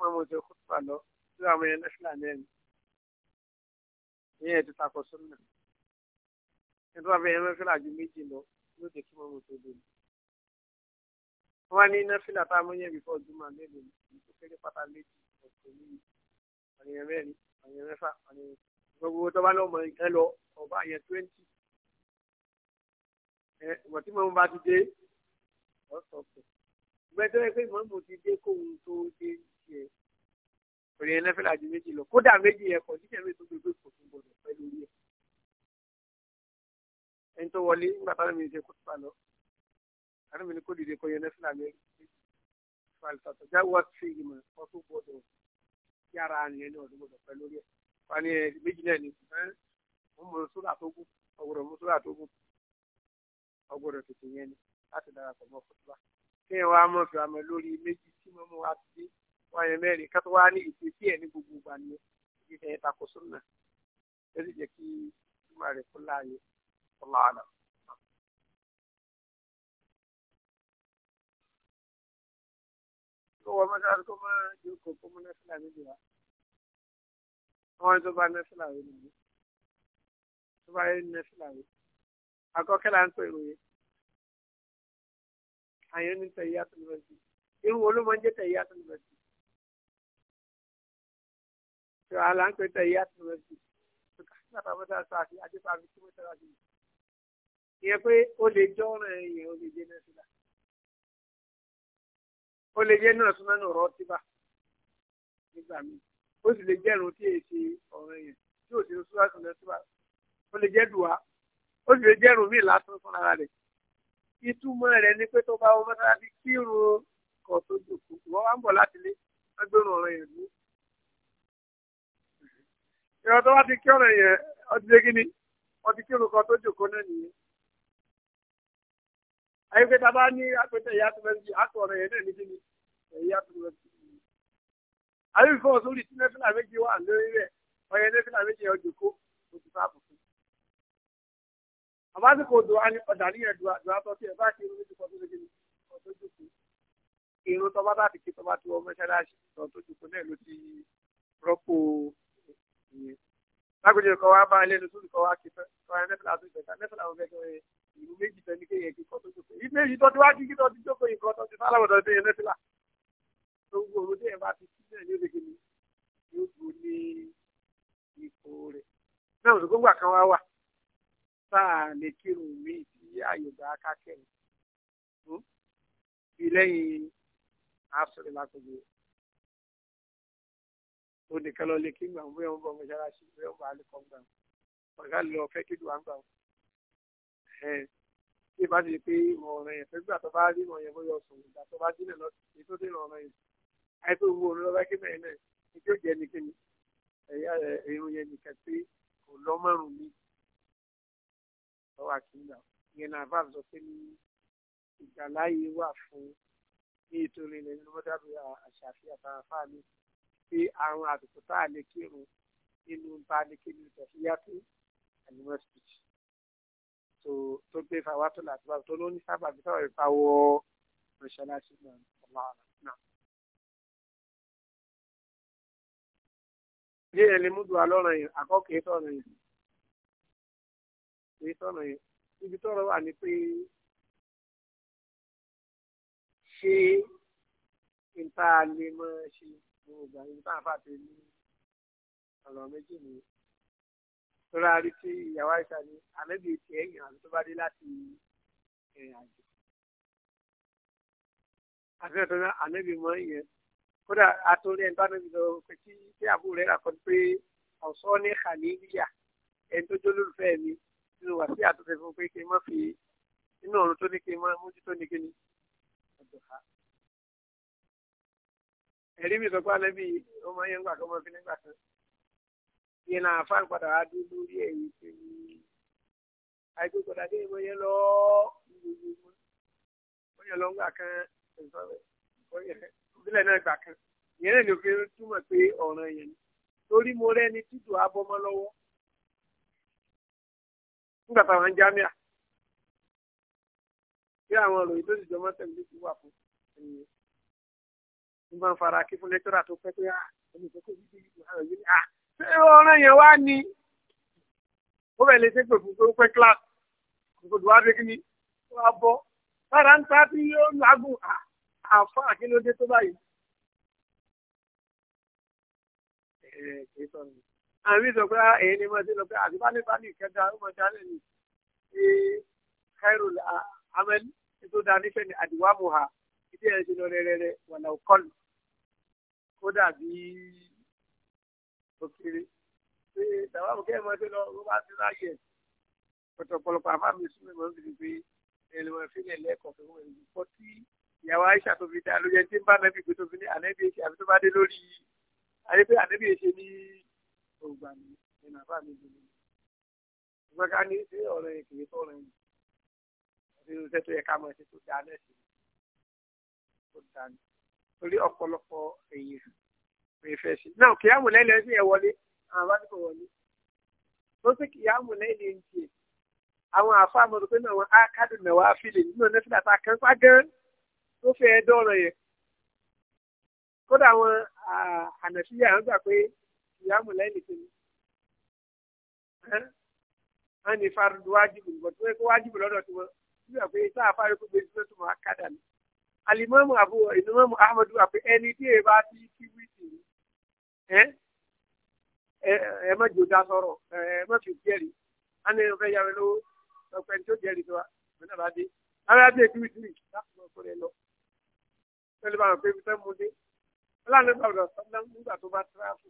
máa mọ̀ ṣe kútùbà lọ tí àwọn yẹn nẹ́fìlà náà ni ìyẹn ti takò súnmọ́ ẹni tó bá fẹ́ yẹn nẹ́fìlà ju méjì lọ yóò jẹ́ kí mọ́mọ́ tó dé ni. wọ́n wá ní nẹ́fìlà tá a mú yẹn bífọ́ ọdún máa mélòó ni tó kéré pátá méjì ọ̀sẹ̀ ní àyẹ̀yẹ̀ mẹ́rin àyẹ̀yẹ̀ mẹ́fà àyẹ̀yẹ̀ gbogbo tó bá lọ́mọ ẹ lọ ọba àyẹ̀ twenty ẹ̀ ìwọ̀n tí mọ́mọ́ bá ti dé ọ̀sọ̀ ọ̀sẹ̀ gbẹdọ́ ẹ pé mọ́mù ti dé kóhun tó dé tiẹ̀ òrìn ẹ̀ lẹ́fẹ̀ẹ́ làjú méjì lọ kódà méjì ẹ̀ kọ̀ níjẹ̀ mi tó gbogbo kò tún gbọdọ̀ pẹ́ lórí ẹ̀ ẹni tó wọlé nígbà táwọn mi ṣe kó tó bá lọ àwọn mi ní kó dìde kó yẹ lẹ́fẹ̀ẹ́ làjú méjì fàlùfàtọ̀ já wọ́n ti ìmọ̀ ọ̀ tó gbọdọ̀ yára àrùn yẹn ní ọ̀dún gbọdọ̀ pẹ́ lórí ẹ̀ wani méjì náà ni mo mọ sóra tó kù ọgbọdọ̀ mọ sóra tó kù ọgbọdọ̀ tètè yẹn ni láti darapọ̀ mọ́ fúnfún kéèyàn wá mọ̀ fún àmọ́ lórí méjì tí mo mú wá sí wọ́n yẹn mẹ́rin ká tó wá ní ìfésí ẹ̀ ní gbogbo ìgbà ni ìdí ẹ̀ takò súnà ó sì jẹ́ kí ìtumọ̀ rẹ̀ kó láàyè ọlọ́ọ̀lọ́. kó wọ́n máa sáré kó máa jókòó kó mú nẹ́fìlà méjì wá àwọn tó bá nẹ́fìlà rẹ̀ nìyí tó bá yẹ nẹ́fìlà rẹ̀ àkọ́kẹ́ là ń pè ròyìn àyàn ní tẹ̀yà tó lọ sí irun wo ló máa ń jẹ́ tẹ̀yà tó lọ sí tó àlà ń pè tẹ̀yà tó lọ sí tó ká sí àtàwọn tó aṣọ àti àdébà mi tí mo tẹ̀ra sí ìyẹn pé ó lè jọ ọ̀ràn ẹ̀yìn ó lè jẹ́ náà sílá ó lè jẹ́ náà súnmọ́ náà rọ́ tíbà nígbà míì ó sì lè jẹ́ irun tí èsì ọ̀ràn ẹ̀yìn tí ò sí súnmọ́ náà síbà ó lè jẹ́ dùwà ó sì lè jẹ́ irun míì lásán fúnra rẹ̀. ìtumọ̀ rẹ̀ ni pé tó bá wọn bá ti kírun kọ̀ tó jòkó wọ́n wá ń bọ̀ láti lé agbérun ọ̀rọ̀ yẹn dúró. ìrọ̀ tó bá ti kí ọ̀rọ̀ yẹn ọtí lé kí ni ọtí tó jòkó náà nìyẹn. ní apẹtẹ ìyá tó ọ̀rọ̀ yẹn náà ní kí ni ìyá tó nẹ́fìlà àbásìkò dùwà ní ọ̀dà níyẹn dùwà dùwà tó tiẹ̀ bá ti irun méjì kan tó lè gbé ọ̀tọ́ jòkó irun tó bá bá ti kí tó bá ti wọ mọ́ṣáláṣí tó tó jòkó náà ló ti rọ́pò ìyẹn. lágbèjì kan wá bá ilé ní sùúrù kan wá kí fẹ́ kọ́ ẹ mẹ́fìlá tó ìgbẹ̀ta mẹ́fìlá wọn fẹ́ ìlú méjì tẹ́ ní kí kọ́ tó jòkó ìlú méjì tó ti wá kí kí tó ti jòkó yìí kan tó ti sálàmù tó ti yẹn mẹ́fìlá. gbogbo òru tí ẹ bá ti kí náà yóò ní ipò rẹ̀ náà gbogbo àkànwá wà sáà lè kírun mí tí àyògbà akákẹ́rù hmm? bí lẹ́yìn asọ̀rọ̀ lákòókò ó nìkan lọ lè kí gbà wọn bóyá wọn bọ mọ́ṣáláṣí bóyá wọn bá lè kọ́ gbà wọn ọ̀gá lọ fẹ́ kí dùn àgbà wọn tí ìbá ti pé ìmọ̀ ọ̀ràn yẹn fẹ́gbà tó bá rí ìmọ̀ yẹn bóyá ọ̀sùn ìgbà tó bá dínà lọ sí tó dínà ọ̀ràn yẹn àìpé owó olólọ́bá kí mẹ́rin náà ní tí ó nígbàkigbà ìyẹn náà bá sọ pé ní ìgbàláyé wà fún ní ìtòrí ilẹ̀ nínú mọ́tàbí àṣàfihàn àtàràfà mi pé àwọn àtùkù tá a lè kírun nínú bá a lè kírun ìtẹ̀síyàtò ànímọ́ speech tó tó gbé fàwa tó láti bá tó ló ní sábà bí sábà bí fáwọ́ mọ́ṣáláṣí náà ọlọ́run náà. bí ẹ lè mú dùn alọ́ràn yìí àkọ́kọ́ ètò ọ̀nà yìí ibi tọ́rọ̀ wà ní pé ṣé n tá a lè mọ ṣe mo gbà ibi tá a fà tẹ ní ọ̀rọ̀ méjì ni lọ́la rí tí ìyàwó àìsàn ni àmẹ́bí ti ẹ̀yìn àti tó bá dé láti ẹ̀rìn àjò àfihàn tó ní àmẹ́bí mọ́ ìyẹn kódà àtúndì ẹ̀ ń bá mi lọ pé tí àbúrò rẹ̀ rà kọ́ pé ọ̀sán ní kàníyà ẹ̀ ń mi nínú wà sí àtúnṣe fún pé kí n má fi nínú ọ̀run tó ní kí n má mójútó ní kíni ọ̀dọ̀fà. ẹ̀rí mi sọ pé alẹ́ bíi ọmọ yẹn ń gbà tó ọmọ fi nígbà kan yẹn náà àfáà padà wá dé lórí ẹ̀yìn pé àìgbégbọ̀dà dé ìmọ̀ yẹn lọ ìgbòho wọ́n yẹn lọ ń gbà kan ìbílẹ̀ náà gbà kan ìyẹn náà ni òfin túmọ̀ pé ọ̀ràn yẹn ni torí mo rẹ́ni títù abọ́mọ́ lọ́wọ́ nígbà táwọn ń jámíà kí àwọn ìròyìn tó sì jọ mọ́ tẹ̀lé ti wà fún ẹ̀yìn ní máa ń fara kí fún lẹ́tọ́rà tó pẹ́ pé à ah, ẹni tó kó yíyí ìwòsàn yìí à ah, ṣé ọ̀ràn yẹn wá ni ó bẹ̀ lè ṣe pé fún pé ó pẹ́ kíláàsì gbogbo wa dé kíni wá bọ́ lára ń ta tí ó lágùn ah, àfa àkínlódé tó báyìí àmì sọ pé ah, èyí ni wọ́n ti lọ pé àtibánibáni kẹta ó máa ṣe khairul amẹ́lí tó da nífẹ̀ẹ́ ní àdìwámù ha ìdí ẹ̀ ti lọ rẹ́rẹ́rẹ́ wàlà òkọlù kódà bí òkèrè ṣe tàwámù kẹ́ ẹ̀ máa ti lọ ló bá ti ráyè pẹ̀tọ̀ pọ̀lọpọ̀ àmà mi sún mi mọ́ níbi pé ẹlẹ́wọ̀n ìfilẹ̀ lẹ́kọ̀ọ́ fún mi kọ́ tí ìyàwó Aisha tó fi dá lóye tí ń bá ògbà mi ẹ̀nà àbá mi gbòòrò ìgbà ká ní sí ọ̀rọ̀ yẹn kìí tọ̀rọ̀ yẹn àti irúṣẹ́ tó yẹ ká mọ̀ ṣe tó dáa náà sí tó dáa ní torí ọ̀pọ̀lọpọ̀ èyí rẹ̀ fẹ́ ṣe náà kìí àmúlẹ̀ ilẹ̀ ẹ̀sìn yẹn wọlé àwọn bá nípa wọlé tó sì kìí àmúlẹ̀ ilẹ̀ ń tiẹ̀ àwọn àfa mọ̀ pé náà wọn á kádùn náà wá nínú nẹ́fìlà tá a kàn pa tó fẹ́ dọ́ọ̀rọ̀ yẹn kódà àwọn ànàfíà ń gbà pé ìyáàmù lẹ́yìn kìíní wọ́n ní fardu wájibù nìkan tó yẹ kó wájibù lọ́dọ̀ tí wọ́n bí wà pé tá a fáyọ kó gbé sílẹ̀ tó máa kádà ní. alimami abu inumami ahmadu wà pé ẹni tí èyí bá ti kí wíìtì ẹ ẹ má jò dá sọ̀rọ̀ ẹ má fi jẹ́rìí àná ẹ fẹ́ yàrá lọ́wọ́ ọ̀pẹ tó jẹ́rìí tó wa ọ̀nà bá dé ara dé kí wíìtì rí láti mọ̀ kó rẹ lọ. pẹ̀lú báwọn pé fẹ́ mú dé ọlọ́run nígbà tó bá tíráfù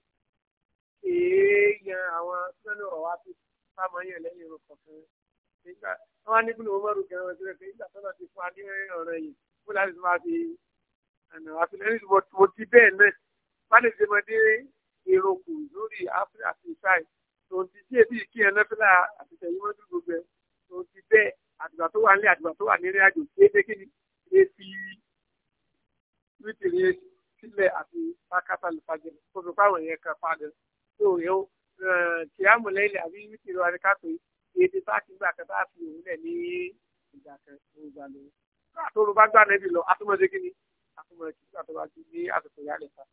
èèyàn àwọn sẹ́nu ọ̀wá tó sámọ́ yẹn lẹ́yìn irun kọ̀ọ̀kan nígbà wọn á ní kí ló mọ́ rò kẹrin ọ̀sẹ̀ rẹ̀ nígbà sọ́nà ti fún adé ọ̀rọ̀ yìí fún láti tún máa fi ẹ̀nà àfilẹ́yìn tí mo ti bẹ́ẹ̀ náà má lè ṣe mọ́dé irun kù lórí áfíríkà sí ṣáì tòun ti díẹ̀ bíi kí ẹn lẹ́fẹ́lá àtìtẹ̀yìn mọ́tò gbogbo ẹ̀ tòun ti bẹ́ẹ̀ àtìgbà tó wà nílé àtìgbà tó wà ní eré àjò kéékèèké ni efi wítìrì sílẹ̀ àti pákátà lè fagẹ̀ kó fi fáwọn yẹn kan fagẹ̀ tó yẹ ó kìámù lẹ́lẹ̀ àbí wítìrì wa ni ká pé èdè bá ti gbà kan bá fi òun lẹ̀ ní ìgbà kan tó gbà lọ. àtòrò bá gbà nẹ́bí lọ atúmọ̀dé kí ni atúmọ̀dé kí ni. tó bá ti ní àsìkò ìyálẹ̀ ta.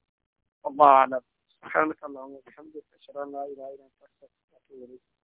ọba àlà sàkánìkàlà àwọn ìṣàmùdé ẹ̀ṣẹ̀ rán láì ráì ráì pàṣẹ àti ìrẹsì.